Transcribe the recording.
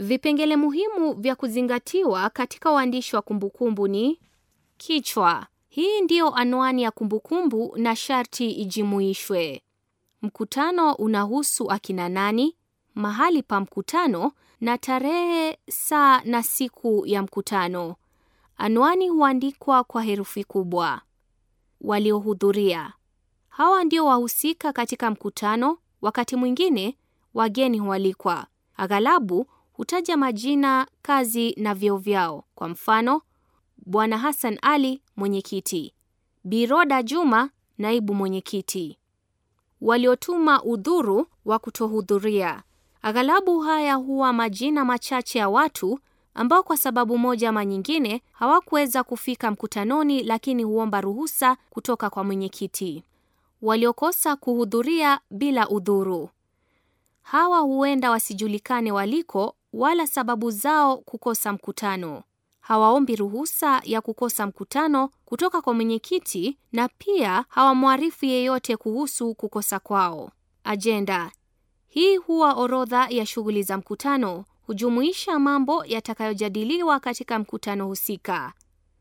Vipengele muhimu vya kuzingatiwa katika uandishi wa kumbukumbu ni kichwa. Hii ndiyo anwani ya kumbukumbu na sharti ijumuishwe. Mkutano unahusu akina nani, mahali pa mkutano na tarehe, saa na siku ya mkutano. Anwani huandikwa kwa herufi kubwa. Waliohudhuria. Hawa ndio wahusika katika mkutano, wakati mwingine wageni hualikwa. Aghalabu hutaja majina, kazi na vyeo vyao. Kwa mfano, Bwana Hassan Ali, mwenyekiti; Biroda Juma, naibu mwenyekiti. Waliotuma udhuru wa kutohudhuria. Aghalabu haya huwa majina machache ya watu ambao kwa sababu moja ama nyingine hawakuweza kufika mkutanoni, lakini huomba ruhusa kutoka kwa mwenyekiti. Waliokosa kuhudhuria bila udhuru, hawa huenda wasijulikane waliko wala sababu zao kukosa mkutano. Hawaombi ruhusa ya kukosa mkutano kutoka kwa mwenyekiti na pia hawamwarifu yeyote kuhusu kukosa kwao. Ajenda hii huwa orodha ya shughuli za mkutano, hujumuisha mambo yatakayojadiliwa katika mkutano husika.